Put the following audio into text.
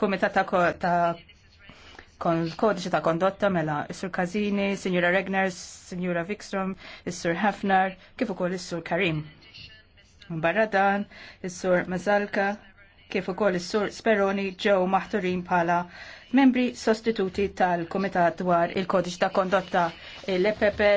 kumitat ta' kodiċi ta' kondotta mela Is-Sur Kazini, Signora Regner, Signora Vikstrom, Is-Sur Hafnar, kif ukoll Is-Sur Karim. Barra dan, Is-Sur Mazalka, kif ukoll Is-Sur Speroni ġew maħturin bħala membri sostituti tal-Komitat dwar il kodiċi ta' Kondotta l-EPP